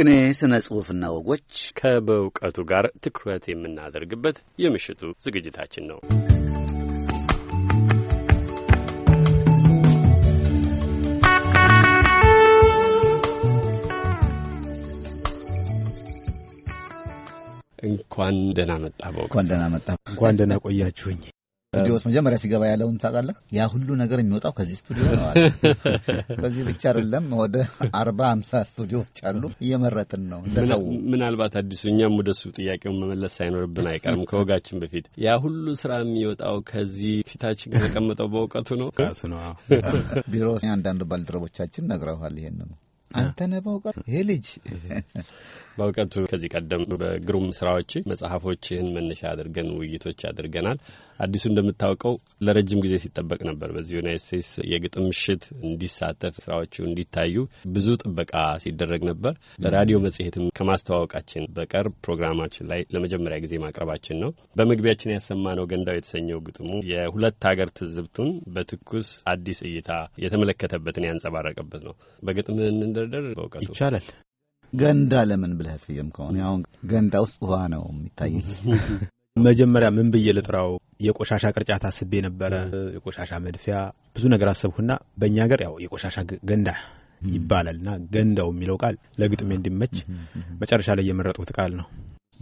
ቅኔ፣ ስነ ጽሑፍና ወጎች ከበእውቀቱ ጋር ትኩረት የምናደርግበት የምሽቱ ዝግጅታችን ነው። እንኳን ደህና መጣ። በእውቀቱ። እንኳን ደህና መጣህ። እንኳን ደህና ቆያችሁኝ። ስቱዲዮ መጀመሪያ ሲገባ ያለውን ታውቃለህ? ያ ሁሉ ነገር የሚወጣው ከዚህ ስቱዲዮ ነው አለ። በዚህ ብቻ አይደለም፣ ወደ አርባ አምሳ ስቱዲዮዎች አሉ። እየመረጥን ነው እንደሰው። ምናልባት አዲሱ እኛም ወደ እሱ ጥያቄውን መመለስ ሳይኖርብን አይቀርም ከወጋችን በፊት ያ ሁሉ ስራ የሚወጣው ከዚህ ፊታችን ከተቀመጠው በእውቀቱ ነው ሱ ነው ቢሮ አንዳንድ ባልደረቦቻችን ነግረዋል። ይሄን ነው አንተ ነህ በእውቀቱ ይሄ ልጅ በእውቀቱ ከዚህ ቀደም በግሩም ስራዎች መጽሐፎችህን መነሻ አድርገን ውይይቶች አድርገናል። አዲሱ እንደምታውቀው ለረጅም ጊዜ ሲጠበቅ ነበር። በዚህ ዩናይት ስቴትስ የግጥም ምሽት እንዲሳተፍ ስራዎቹ እንዲታዩ ብዙ ጥበቃ ሲደረግ ነበር። ለራዲዮ መጽሔትም ከማስተዋወቃችን በቀር ፕሮግራማችን ላይ ለመጀመሪያ ጊዜ ማቅረባችን ነው። በመግቢያችን ያሰማነው ገንዳው የተሰኘው ግጥሙ የሁለት ሀገር ትዝብቱን በትኩስ አዲስ እይታ የተመለከተበትን ያንጸባረቀበት ነው። በግጥም እንደርደር በእውቀቱ ይቻላል። ገንዳ ለምን ብለህ ስየም ከሆነ አሁን ገንዳ ውስጥ ውሃ ነው የሚታይ መጀመሪያ ምን ብዬ ልጥራው? የቆሻሻ ቅርጫት አስቤ ነበረ። የቆሻሻ መድፊያ፣ ብዙ ነገር አሰብሁና በእኛ ሀገር ያው የቆሻሻ ገንዳ ይባላል እና ገንዳው የሚለው ቃል ለግጥሜ እንዲመች መጨረሻ ላይ የመረጥኩት ቃል ነው።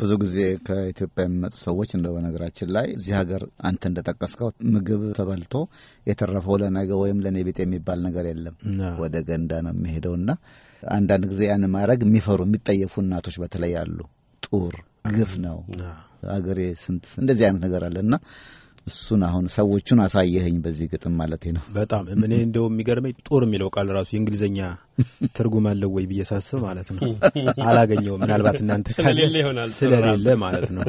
ብዙ ጊዜ ከኢትዮጵያ የሚመጡ ሰዎች እንደ በነገራችን ላይ እዚህ ሀገር አንተ እንደጠቀስከው ምግብ ተበልቶ የተረፈው ለነገ ወይም ለእኔ ቤት የሚባል ነገር የለም። ወደ ገንዳ ነው የሚሄደውና አንዳንድ ጊዜ ያን ማድረግ የሚፈሩ የሚጠየፉ እናቶች በተለይ አሉ። ጡር ግፍ ነው አገሬ ስንት እንደዚህ አይነት ነገር አለ እና እሱን አሁን ሰዎቹን አሳየኸኝ በዚህ ግጥም ማለት ነው። በጣም እኔ እንደው የሚገርመኝ ጦር የሚለው ቃል ራሱ የእንግሊዝኛ ትርጉም አለው ወይ ብዬ ሳስብ ማለት ነው አላገኘውም። ምናልባት እናንተ ስለሌለ ማለት ነው።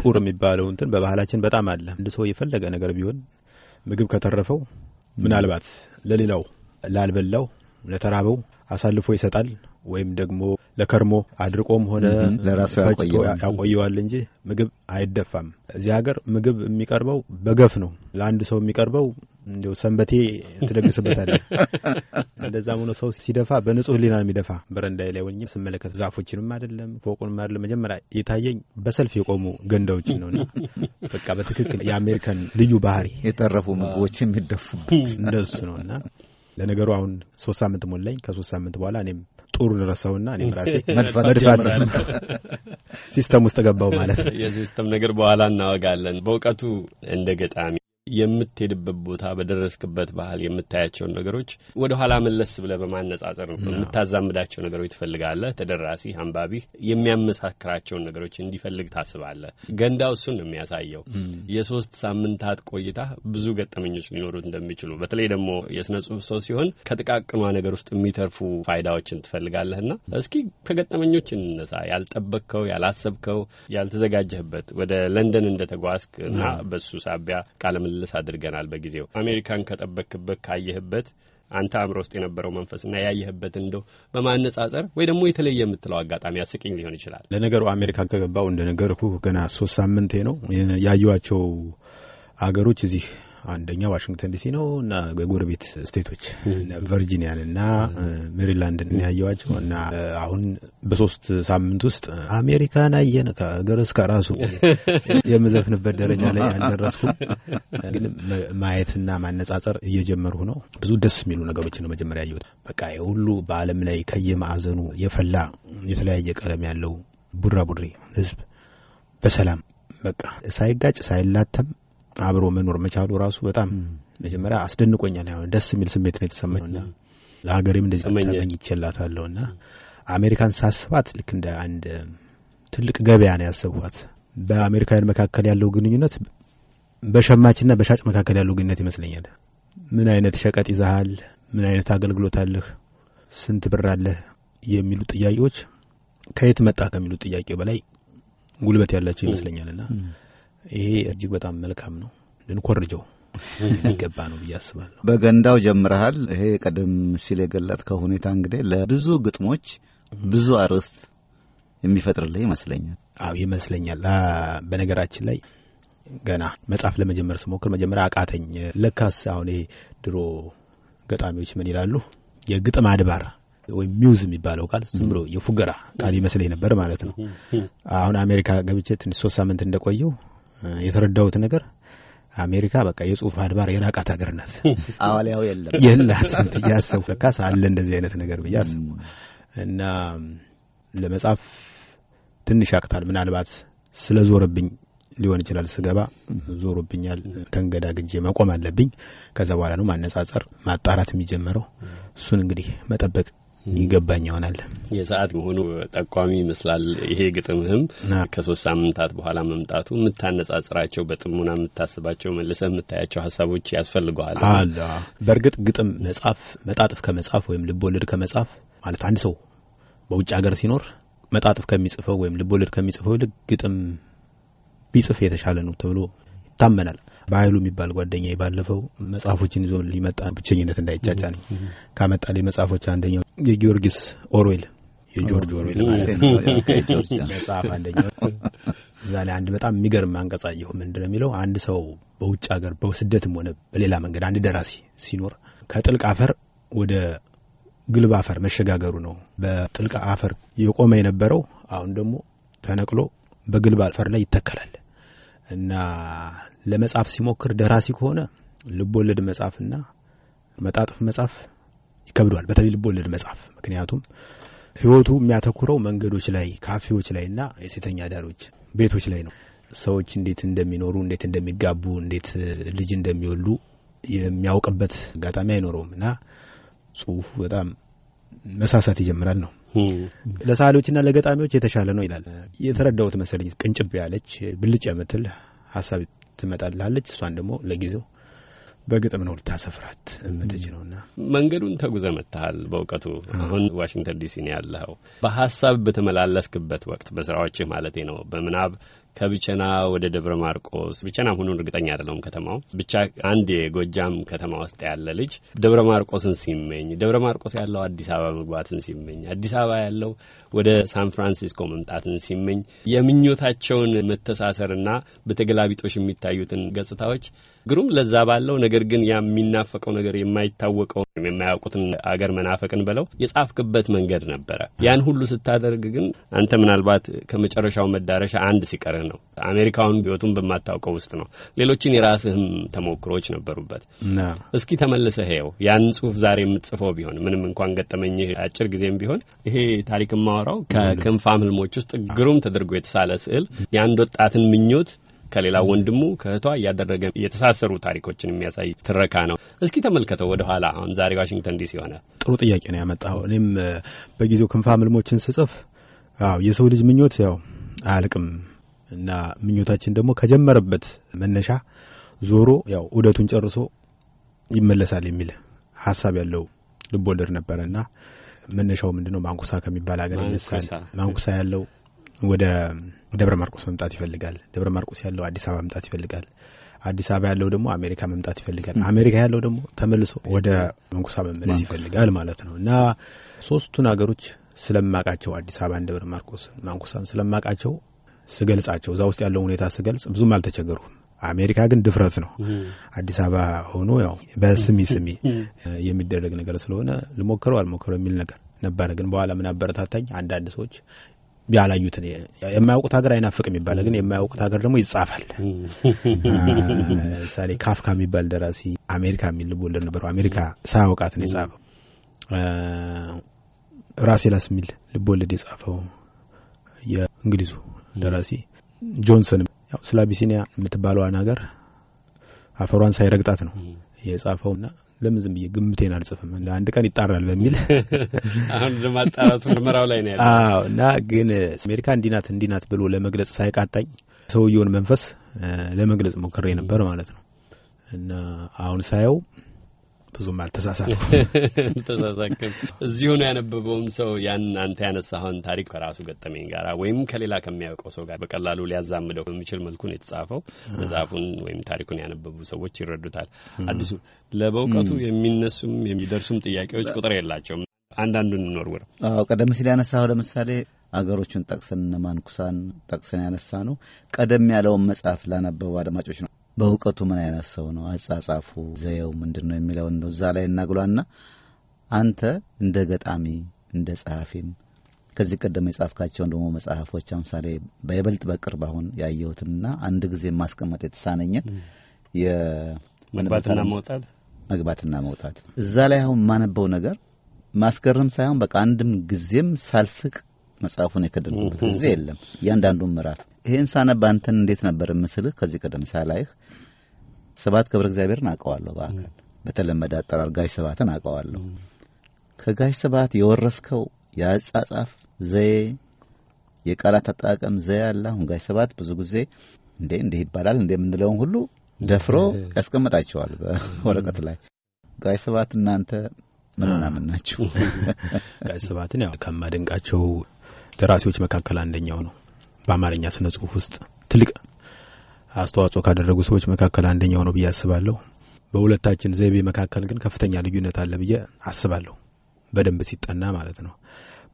ጡር የሚባለው እንትን በባህላችን በጣም አለ። አንድ ሰው የፈለገ ነገር ቢሆን ምግብ ከተረፈው ምናልባት ለሌላው ላልበላው፣ ለተራበው አሳልፎ ይሰጣል። ወይም ደግሞ ለከርሞ አድርቆም ሆነ ለራሱ ያቆየዋል እንጂ ምግብ አይደፋም። እዚህ ሀገር ምግብ የሚቀርበው በገፍ ነው። ለአንድ ሰው የሚቀርበው እንዲያው ሰንበቴ ትደግስበታለህ። እንደዛም ሆኖ ሰው ሲደፋ በንጹህ ሕሊና የሚደፋ። በረንዳይ ላይ ወኝ ስመለከት ዛፎችንም አይደለም ፎቁንም አይደለም መጀመሪያ የታየኝ በሰልፍ የቆሙ ገንዳዎችን ነውና በቃ በትክክል የአሜሪካን ልዩ ባህሪ የጠረፉ ምግቦች የሚደፉበት እንደሱ ነውና ለነገሩ አሁን ሶስት ሳምንት ሞላኝ። ከሶስት ሳምንት በኋላ እኔም ጦሩ ደረሰውና እኔም ራሴ መድፋት ሲስተም ውስጥ ገባው ማለት ነው። የሲስተም ነገር በኋላ እናወጋለን። በእውቀቱ እንደ ገጣሚ የምትሄድበት ቦታ በደረስክበት ባህል የምታያቸውን ነገሮች ወደ ኋላ መለስ ብለህ በማነጻጸር ነው የምታዛምዳቸው ነገሮች ትፈልጋለህ። ተደራሲ አንባቢህ የሚያመሳክራቸውን ነገሮች እንዲፈልግ ታስባለህ። ገንዳው እሱን ነው የሚያሳየው። የሶስት ሳምንታት ቆይታ ብዙ ገጠመኞች ሊኖሩት እንደሚችሉ በተለይ ደግሞ የስነ ጽሁፍ ሰው ሲሆን ከጥቃቅኗ ነገር ውስጥ የሚተርፉ ፋይዳዎችን ትፈልጋለህና እስኪ ከገጠመኞች እንነሳ። ያልጠበቅከው፣ ያላሰብከው፣ ያልተዘጋጀህበት ወደ ለንደን እንደተጓዝክ እና በሱ ሳቢያ ቃለምል መለስ አድርገናል። በጊዜው አሜሪካን ከጠበክበት ካየህበት አንተ አእምሮ ውስጥ የነበረው መንፈስና ያየህበት እንደው በማነጻጸር ወይ ደግሞ የተለየ የምትለው አጋጣሚ አስቂኝ ሊሆን ይችላል። ለነገሩ አሜሪካን ከገባው እንደ ነገርኩ ገና ሶስት ሳምንቴ ነው። ያየኋቸው አገሮች እዚህ አንደኛ ዋሽንግተን ዲሲ ነው እና የጎረቤት ስቴቶች ቨርጂኒያን እና ሜሪላንድን ያየዋቸው እና አሁን በሶስት ሳምንት ውስጥ አሜሪካን አየን ከሀገር እስከ ራሱ የምዘፍንበት ደረጃ ላይ አልደረስኩም፣ ግን ማየትና ማነጻጸር እየጀመርሁ ነው። ብዙ ደስ የሚሉ ነገሮች ነው መጀመሪያ ያየሁት። በቃ የሁሉ በዓለም ላይ ከየማዕዘኑ የፈላ የተለያየ ቀለም ያለው ቡራቡሬ ህዝብ በሰላም በቃ ሳይጋጭ ሳይላተም አብሮ መኖር መቻሉ ራሱ በጣም መጀመሪያ አስደንቆኛል። ደስ የሚል ስሜት ነው የተሰማኝና ለሀገሬም እንደዚህ ተመኝቼላታለሁ እና አሜሪካን ሳስባት ልክ እንደ አንድ ትልቅ ገበያ ነው ያሰብኳት። በአሜሪካውያን መካከል ያለው ግንኙነት በሸማችና በሻጭ መካከል ያለው ግንኙነት ይመስለኛል። ምን አይነት ሸቀጥ ይዛሃል፣ ምን አይነት አገልግሎት አለህ፣ ስንት ብር አለህ የሚሉ ጥያቄዎች ከየት መጣ ከሚሉ ጥያቄ በላይ ጉልበት ያላቸው ይመስለኛልና ይሄ እጅግ በጣም መልካም ነው፣ ልንኮርጀው ይገባ ነው ብዬ አስባለሁ። በገንዳው ጀምረሃል። ይሄ ቀደም ሲል የገለጥከው ሁኔታ እንግዲህ ለብዙ ግጥሞች ብዙ አርዕስት የሚፈጥርልህ ይመስለኛል። አዎ ይመስለኛል። በነገራችን ላይ ገና መጽሐፍ ለመጀመር ስሞክር መጀመሪያ አቃተኝ። ለካስ አሁን ይሄ ድሮ ገጣሚዎች ምን ይላሉ የግጥም አድባር ወይም ሚውዝ የሚባለው ቃል ዝም ብሎ የፉገራ ቃል ይመስለኝ ነበር ማለት ነው። አሁን አሜሪካ ገብቼ ትንሽ ሶስት ሳምንት እንደቆየው የተረዳሁት ነገር አሜሪካ በቃ የጽሁፍ አድባር የራቃት ሀገር ናት። አዋሊያው የለም የላትም ብዬ አሰብኩ። ለካስ አለ እንደዚህ አይነት ነገር ብዬ አሰብኩ እና ለመጻፍ ትንሽ ያቅታል። ምናልባት ስለ ዞርብኝ ሊሆን ይችላል። ስገባ ዞሩብኛል ተንገዳግጄ መቆም አለብኝ። ከዛ በኋላ ነው ማነጻጸር፣ ማጣራት የሚጀመረው። እሱን እንግዲህ መጠበቅ ይገባኝ ይሆናል። የሰዓት መሆኑ ጠቋሚ ይመስላል። ይሄ ግጥምህም ከሶስት ሳምንታት በኋላ መምጣቱ የምታነጻጽራቸው በጥሞና የምታስባቸው መልሰህ የምታያቸው ሀሳቦች ያስፈልገዋል። በእርግጥ ግጥም መጻፍ መጣጥፍ ከመጻፍ ወይም ልቦወለድ ከመጻፍ ማለት አንድ ሰው በውጭ ሀገር ሲኖር መጣጥፍ ከሚጽፈው ወይም ልቦወለድ ከሚጽፈው ይልቅ ግጥም ቢጽፍ የተሻለ ነው ተብሎ ይታመናል። በሀይሉ የሚባል ጓደኛ ባለፈው መጽሐፎችን ይዞ ሊመጣ ብቸኝነት እንዳይጫጫኝ ካመጣ ላይ መጽሐፎች አንደኛው የጊዮርጊስ ኦርዌል የጆርጅ ኦርዌል መጽሐፍ አንደኛው እዛ ላይ አንድ በጣም የሚገርም አንቀጻየሁ ምንድ ነው የሚለው አንድ ሰው በውጭ ሀገር በስደትም ሆነ በሌላ መንገድ አንድ ደራሲ ሲኖር ከጥልቅ አፈር ወደ ግልብ አፈር መሸጋገሩ ነው። በጥልቅ አፈር የቆመ የነበረው አሁን ደግሞ ተነቅሎ በግልብ አፈር ላይ ይተከላል። እና ለመጻፍ ሲሞክር ደራሲ ከሆነ ልቦወለድ መጻፍና መጣጥፍ መጻፍ ይከብደዋል። በተለይ ልቦወለድ መጻፍ ምክንያቱም ህይወቱ የሚያተኩረው መንገዶች ላይ፣ ካፌዎች ላይና የሴተኛ አዳሪዎች ቤቶች ላይ ነው። ሰዎች እንዴት እንደሚኖሩ፣ እንዴት እንደሚጋቡ፣ እንዴት ልጅ እንደሚወልዱ የሚያውቅበት አጋጣሚ አይኖረውም እና ጽሁፉ በጣም መሳሳት ይጀምራል ነው ለሰዓሊዎችና ለገጣሚዎች የተሻለ ነው ይላል። የተረዳሁት መሰለኝ ቅንጭብ ያለች ብልጭ የምትል ሀሳብ ትመጣልሃለች። እሷን ደግሞ ለጊዜው በግጥም ነው ልታሰፍራት ነውና መንገዱን ተጉዘ መጥተሃል። በእውቀቱ አሁን ዋሽንግተን ዲሲ ነው ያለኸው። በሀሳብ በተመላለስክበት ወቅት በስራዎችህ ማለቴ ነው በምናብ ከብቸና ወደ ደብረ ማርቆስ ብቸና መሆኑን እርግጠኛ አይደለሁም ከተማው ብቻ አንድ የጎጃም ከተማ ውስጥ ያለ ልጅ ደብረ ማርቆስን ሲመኝ ደብረ ማርቆስ ያለው አዲስ አበባ መግባትን ሲመኝ አዲስ አበባ ያለው ወደ ሳን ፍራንሲስኮ መምጣትን ሲመኝ የምኞታቸውን መተሳሰርና በተገላቢጦሽ የሚታዩትን ገጽታዎች ግሩም ለዛ ባለው ነገር ግን ያ የሚናፈቀው ነገር የማይታወቀው የማያውቁትን አገር መናፈቅን ብለው የጻፍክበት መንገድ ነበረ። ያን ሁሉ ስታደርግ ግን አንተ ምናልባት ከመጨረሻው መዳረሻ አንድ ሲቀርህ ነው። አሜሪካውን ህይወቱን በማታውቀው ውስጥ ነው። ሌሎችን የራስህም ተሞክሮች ነበሩበት። እስኪ ተመልሰህ ይኸው ያን ጽሁፍ ዛሬ የምትጽፈው ቢሆን ምንም እንኳን ገጠመኝህ አጭር ጊዜም ቢሆን ይሄ ታሪክ የማወራው ከክንፋም ህልሞች ውስጥ ግሩም ተደርጎ የተሳለ ስዕል የአንድ ወጣትን ምኞት ከሌላ ወንድሙ ከእህቷ እያደረገ የተሳሰሩ ታሪኮችን የሚያሳይ ትረካ ነው። እስኪ ተመልከተው ወደ ኋላ አሁን ዛሬ ዋሽንግተን ዲሲ ሆነ። ጥሩ ጥያቄ ነው ያመጣው። እኔም በጊዜው ክንፋ ምልሞችን ስጽፍ አዎ የሰው ልጅ ምኞት ያው አያልቅም እና ምኞታችን ደግሞ ከጀመረበት መነሻ ዞሮ ያው ዑደቱን ጨርሶ ይመለሳል የሚል ሀሳብ ያለው ልብ ወለድ ነበረ እና መነሻው ምንድነው ማንኩሳ ከሚባል ሀገር ይነሳል። ማንኩሳ ያለው ወደ ደብረ ማርቆስ መምጣት ይፈልጋል። ደብረ ማርቆስ ያለው አዲስ አበባ መምጣት ይፈልጋል። አዲስ አበባ ያለው ደግሞ አሜሪካ መምጣት ይፈልጋል። አሜሪካ ያለው ደግሞ ተመልሶ ወደ መንኩሳ መመለስ ይፈልጋል ማለት ነው እና ሶስቱን ሀገሮች ስለማቃቸው አዲስ አበባን፣ ደብረ ማርቆስ፣ ማንኩሳን ስለማቃቸው ስገልጻቸው እዛ ውስጥ ያለውን ሁኔታ ስገልጽ ብዙም አልተቸገርኩም። አሜሪካ ግን ድፍረት ነው። አዲስ አበባ ሆኖ ያው በስሚ ስሚ የሚደረግ ነገር ስለሆነ ልሞክረው አልሞክረው የሚል ነገር ነበረ። ግን በኋላ ምን አበረታታኝ አንዳንድ ሰዎች ያላዩትን የማያውቁት ሀገር አይናፍቅ የሚባለ ግን የማያውቁት ሀገር ደግሞ ይጻፋል። ለምሳሌ ካፍካ የሚባል ደራሲ አሜሪካ የሚል ልቦለድ ነበረው። አሜሪካ ሳያውቃት ነው የጻፈው። ራሴላስ የሚል ልቦለድ የጻፈው የእንግሊዙ ደራሲ ጆንሰን ያው ስለ አቢሲኒያ የምትባለዋን ሀገር አፈሯን ሳይረግጣት ነው የጻፈውና ለምን ዝም ብዬ ግምቴን አልጽፍም አንድ ቀን ይጣራል በሚል አሁን ለማጣራቱ ምርመራው ላይ ነው ያለው እና ግን አሜሪካ እንዲናት እንዲናት ብሎ ለመግለጽ ሳይቃጣኝ ሰውየውን መንፈስ ለመግለጽ ሞክሬ ነበር ማለት ነው እና አሁን ሳየው ብዙም አልተሳሳትኩም። ተሳሳክም እዚሁን ያነበበውም ሰው ያን አንተ ያነሳኸውን ታሪክ ከራሱ ገጠመኝ ጋር ወይም ከሌላ ከሚያውቀው ሰው ጋር በቀላሉ ሊያዛምደው በሚችል መልኩን የተጻፈው። መጽሐፉን ወይም ታሪኩን ያነበቡ ሰዎች ይረዱታል። አዲሱ ለበእውቀቱ የሚነሱም የሚደርሱም ጥያቄዎች ቁጥር የላቸውም። አንዳንዱን እንወርውር። አዎ ቀደም ሲል ያነሳው ለምሳሌ አገሮቹን ጠቅሰን እነ ማንኩሳን ጠቅሰን ያነሳ ነው። ቀደም ያለውን መጽሐፍ ላነበቡ አድማጮች ነው በእውቀቱ ምን አይነት ሰው ነው፣ አጻጻፉ ዘየው ምንድን ነው የሚለው እንደው እዛ ላይ እናግሏና አንተ እንደ ገጣሚ እንደ ጸሐፊም ከዚህ ቀደም የጻፍካቸውን ደግሞ መጽሐፎች አምሳሌ በይበልጥ በቅርብ አሁን ያየሁትንና አንድ ጊዜ ማስቀመጥ የተሳነኝን የመግባትና መውጣት መግባትና መውጣት እዛ ላይ አሁን የማነበው ነገር ማስገረም ሳይሆን በቃ አንድም ጊዜም ሳልስቅ መጽሐፉን የከደንኩበት ጊዜ የለም። እያንዳንዱን ምዕራፍ ይህን ሳነብ አንተን እንዴት ነበር ምስልህ ከዚህ ቀደም ሳላይህ ሰባት ገብረ እግዚአብሔርን አውቀዋለሁ በአካል በተለመደ አጠራር ጋሽ ሰባትን አውቀዋለሁ። ከጋሽ ሰባት የወረስከው የአጻጻፍ ዘዬ፣ የቃላት አጠቃቀም ዘዬ አለ። አሁን ጋሽ ሰባት ብዙ ጊዜ እንዴ እንዲህ ይባላል እንደምንለውን የምንለውን ሁሉ ደፍሮ ያስቀምጣቸዋል በወረቀት ላይ። ጋሽ ሰባት እናንተ ምን ምናምን ናችሁ? ጋሽ ሰባትን ያው ከማደንቃቸው ደራሲዎች መካከል አንደኛው ነው። በአማርኛ ስነ ጽሁፍ ውስጥ ትልቅ አስተዋጽኦ ካደረጉ ሰዎች መካከል አንደኛው ነው ብዬ አስባለሁ። በሁለታችን ዘይቤ መካከል ግን ከፍተኛ ልዩነት አለ ብዬ አስባለሁ። በደንብ ሲጠና ማለት ነው።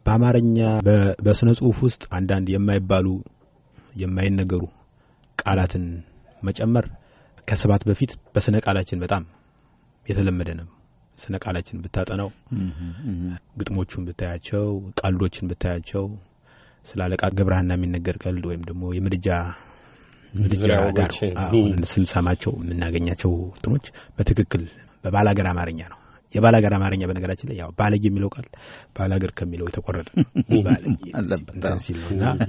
በአማርኛ በስነ ጽሁፍ ውስጥ አንዳንድ የማይባሉ የማይነገሩ ቃላትን መጨመር ከስባት በፊት በስነ ቃላችን በጣም የተለመደ ነው። ስነ ቃላችን ብታጠናው፣ ግጥሞቹን ብታያቸው፣ ቀልዶችን ብታያቸው ስለ አለቃ ገብረሃና የሚነገር ቀልድ ወይም ደግሞ የምድጃ ምድጃ ጋር ስንሰማቸው የምናገኛቸው እንትኖች በትክክል በባላገር አማርኛ ነው። የባላገር አማርኛ በነገራችን ላይ ያው ባለጌ የሚለው ቃል ባላገር ከሚለው የተቆረጠ አለበትሲል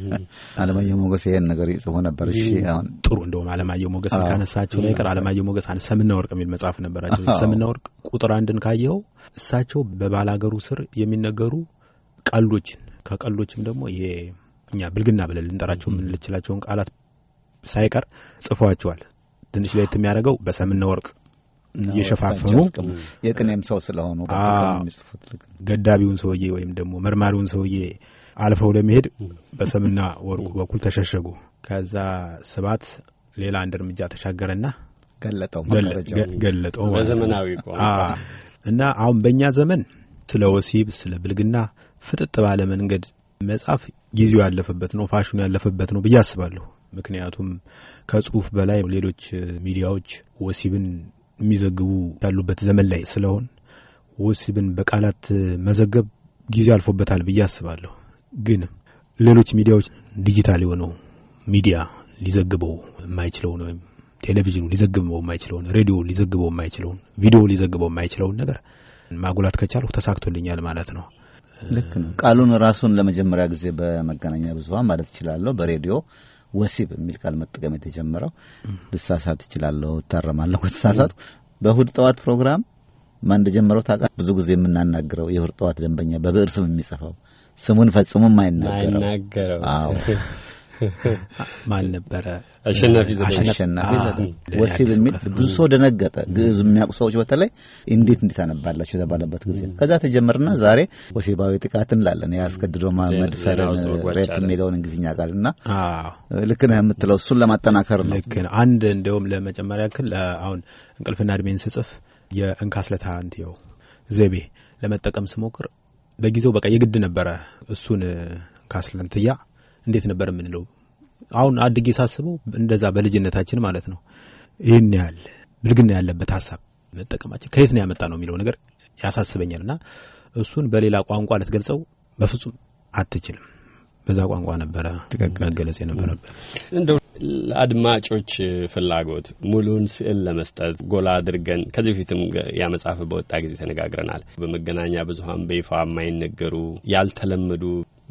አለማየሁ ሞገስ ይሄን ነገር ይጽፎ ነበር። እሺ አሁን ጥሩ እንደውም አለማየሁ ሞገስ ካነሳቸው ነገር አለማየሁ ሞገስ ሰምና ወርቅ የሚል መጽሐፍ ነበራቸው። ሰምና ወርቅ ቁጥር አንድን ካየኸው እሳቸው በባላገሩ ስር የሚነገሩ ቀልዶችን ከቀልዶችም ደግሞ ይሄ እኛ ብልግና ብለን ልንጠራቸው የምንልችላቸውን ቃላት ሳይቀር ጽፏቸዋል። ትንሽ ለየት የሚያደርገው በሰምና ወርቅ እየሸፋፈኑ የቅኔም ሰው ስለሆኑ ገዳቢውን ሰውዬ ወይም ደግሞ መርማሪውን ሰውዬ አልፈው ለመሄድ በሰምና ወርቁ በኩል ተሸሸጉ። ከዛ ስባት ሌላ አንድ እርምጃ ተሻገረና ገለጠው ገለጠው በዘመናዊ እና አሁን በእኛ ዘመን ስለ ወሲብ ስለ ብልግና ፍጥጥ ባለ መንገድ መጽሐፍ ጊዜው ያለፈበት ነው፣ ፋሽኑ ያለፈበት ነው ብዬ አስባለሁ። ምክንያቱም ከጽሁፍ በላይ ሌሎች ሚዲያዎች ወሲብን የሚዘግቡ ያሉበት ዘመን ላይ ስለሆን ወሲብን በቃላት መዘገብ ጊዜ አልፎበታል ብዬ አስባለሁ። ግን ሌሎች ሚዲያዎች ዲጂታል የሆነው ሚዲያ ሊዘግበው የማይችለውን ወይም ቴሌቪዥኑ ሊዘግበው የማይችለውን፣ ሬዲዮ ሊዘግበው የማይችለውን፣ ቪዲዮ ሊዘግበው የማይችለውን ነገር ማጉላት ከቻልሁ ተሳክቶልኛል ማለት ነው። ልክ ነው። ቃሉን ራሱን ለመጀመሪያ ጊዜ በመገናኛ ብዙሀን ማለት እችላለሁ በሬዲዮ ወሲብ የሚል ቃል መጠቀም የተጀመረው ልሳሳት እችላለሁ፣ እታረማለሁ ከተሳሳትኩ። በእሁድ ጠዋት ፕሮግራም ማን እንደጀመረው ታውቃለህ? ብዙ ጊዜ የምናናግረው የእሁድ ጠዋት ደንበኛ በብዕር ስም የሚጽፈው ስሙን ፈጽሞ አይናገረው። አዎ ማን ነበረ? አሸናፊ ወሲብ የሚል ብዙ ሰው ደነገጠ። ግዕዝ የሚያውቁ ሰዎች በተለይ እንዴት እንዴት አነባላቸው የተባለበት ጊዜ ከዛ ተጀመርና ዛሬ ወሲባዊ ጥቃት እንላለን። ያስገድዶ መድፈርን ሬፕ የሚለውን እንግሊዝኛ ቃል እና ልክ ነህ የምትለው እሱን ለማጠናከር ነው። ልክ ነው። አንድ እንደውም ለመጨመሪያ ክል አሁን እንቅልፍና እድሜን ስጽፍ የእንካስለታ እንትየው ዘቤ ለመጠቀም ስሞክር በጊዜው በቃ የግድ ነበረ እሱን ካስለንትያ እንዴት ነበር የምንለው? አሁን አድጌ ሳስበው እንደዛ በልጅነታችን ማለት ነው ይህን ያህል ብልግና ያለበት ሀሳብ መጠቀማችን ከየት ነው ያመጣ ነው የሚለው ነገር ያሳስበኛል። እና እሱን በሌላ ቋንቋ ልትገልጸው በፍጹም አትችልም። በዛ ቋንቋ ነበረ መገለጽ የነበረበት። እንደው ለአድማጮች ፍላጎት ሙሉን ስዕል ለመስጠት ጎላ አድርገን ከዚህ በፊትም ያመጽሐፍ በወጣ ጊዜ ተነጋግረናል። በመገናኛ ብዙኃን በይፋ የማይነገሩ ያልተለመዱ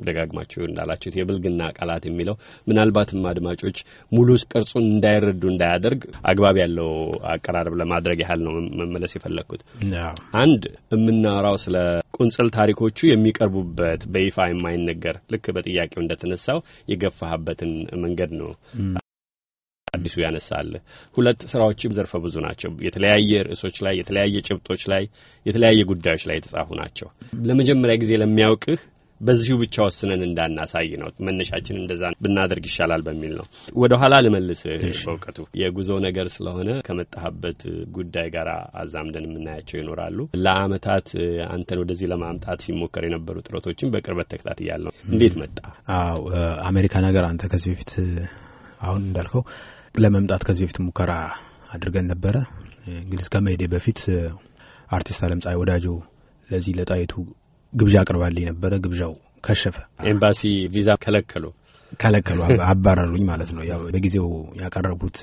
ደጋግማችሁ እንዳላችሁት የብልግና ቃላት የሚለው ምናልባትም አድማጮች ሙሉ ቅርጹን እንዳይረዱ እንዳያደርግ አግባብ ያለው አቀራረብ ለማድረግ ያህል ነው መመለስ የፈለግኩት። አንድ የምናወራው ስለ ቁንጽል ታሪኮቹ የሚቀርቡበት በይፋ የማይነገር ልክ በጥያቄው እንደተነሳው የገፋህበትን መንገድ ነው አዲሱ ያነሳል። ሁለት ስራዎችም ዘርፈ ብዙ ናቸው። የተለያየ ርዕሶች ላይ፣ የተለያየ ጭብጦች ላይ፣ የተለያየ ጉዳዮች ላይ የተጻፉ ናቸው። ለመጀመሪያ ጊዜ ለሚያውቅህ በዚሁ ብቻ ወስነን እንዳናሳይ ነው መነሻችን። እንደዛ ብናደርግ ይሻላል በሚል ነው። ወደ ኋላ ልመልስ በእውቀቱ የጉዞ ነገር ስለሆነ ከመጣህበት ጉዳይ ጋር አዛምደን የምናያቸው ይኖራሉ። ለአመታት አንተን ወደዚህ ለማምጣት ሲሞከር የነበሩ ጥረቶችን በቅርበት ተከታትያለሁ። እንዴት መጣ? አዎ አሜሪካ ነገር አንተ ከዚህ በፊት አሁን እንዳልከው ለመምጣት ከዚህ በፊት ሙከራ አድርገን ነበረ። እስከ መሄዴ በፊት አርቲስት አለም ፀሐይ ወዳጆ ለዚህ ለጣይቱ ግብዣ አቅርባልኝ ነበረ። ግብዣው ከሸፈ። ኤምባሲ ቪዛ ከለከሉ ከለከሉ፣ አባረሩኝ ማለት ነው። ያው በጊዜው ያቀረቡት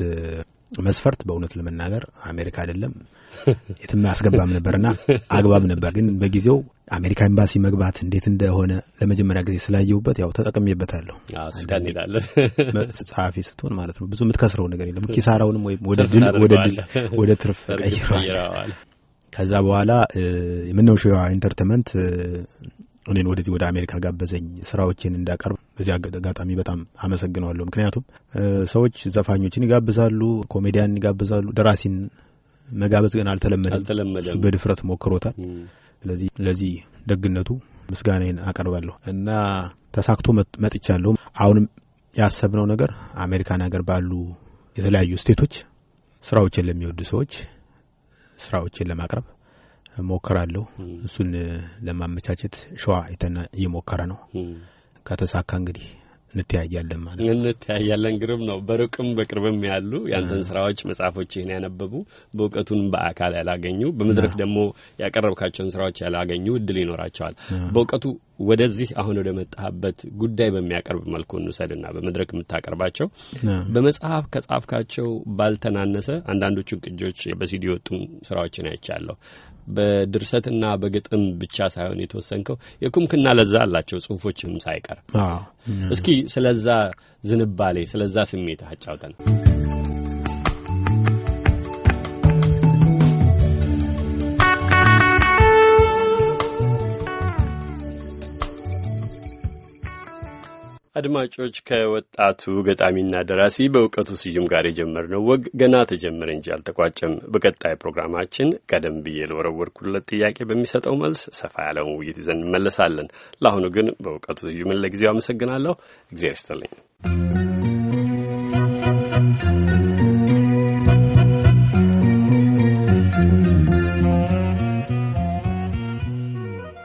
መስፈርት በእውነት ለመናገር አሜሪካ አይደለም የትም አያስገባም ነበርና አግባብ ነበር። ግን በጊዜው አሜሪካ ኤምባሲ መግባት እንዴት እንደሆነ ለመጀመሪያ ጊዜ ስላየሁበት ያው ተጠቅሜበታለሁ። ጸሐፊ ስትሆን ማለት ነው ብዙ የምትከስረው ነገር የለም። ኪሳራውንም ወይም ወደ ድል ወደ ትርፍ ቀይረዋል። ከዛ በኋላ የምነው ሸዋ እኔን ወደዚህ ወደ አሜሪካ ጋበዘኝ ስራዎችን እንዳቀርብ። በዚህ አጋጣሚ በጣም አመሰግነዋለሁ። ምክንያቱም ሰዎች ዘፋኞችን ይጋብዛሉ፣ ኮሜዲያን ይጋብዛሉ። ደራሲን መጋበዝ ግን አልተለመደም። በድፍረት ሞክሮታል። ስለዚህ ለዚህ ደግነቱ ምስጋናዬን አቀርባለሁ እና ተሳክቶ መጥቻለሁ። አሁንም ያሰብነው ነገር አሜሪካን ሀገር ባሉ የተለያዩ ስቴቶች ስራዎችን ለሚወዱ ሰዎች ስራዎችን ለማቅረብ ሞክራለሁ። እሱን ለማመቻቸት ሸዋ የተና እየሞከረ ነው። ከተሳካ እንግዲህ እንተያያለን ማለት ነው። እንተያያለን። ግርም ነው። በሩቅም በቅርብም ያሉ ያንተን ስራዎች መጽሐፎችህን ያነበቡ በእውቀቱን በአካል ያላገኙ በመድረክ ደግሞ ያቀረብካቸውን ስራዎች ያላገኙ እድል ይኖራቸዋል። በእውቀቱ ወደዚህ አሁን ወደ መጣህበት ጉዳይ በሚያቀርብ መልኩ እንውሰድና በመድረክ የምታቀርባቸው በመጽሐፍ ከጻፍካቸው ባልተናነሰ አንዳንዶቹ ቅጆች በሲዲ ስራዎችን አይቻለሁ። በድርሰትና በግጥም ብቻ ሳይሆን የተወሰንከው የኩምክና ለዛ አላቸው ጽሁፎችም ሳይቀር። እስኪ ስለዛ ዝንባሌ ስለዛ ስሜት አጫውተን። አድማጮች ከወጣቱ ገጣሚና ደራሲ በእውቀቱ ስዩም ጋር የጀመርነው ወግ ገና ተጀመረ እንጂ አልተቋጨም። በቀጣይ ፕሮግራማችን ቀደም ብዬ ለወረወርኩለት ጥያቄ በሚሰጠው መልስ ሰፋ ያለውን ውይይት ይዘን እንመለሳለን። ለአሁኑ ግን በእውቀቱ ስዩምን ለጊዜው አመሰግናለሁ። እግዜር ይስጥልኝ።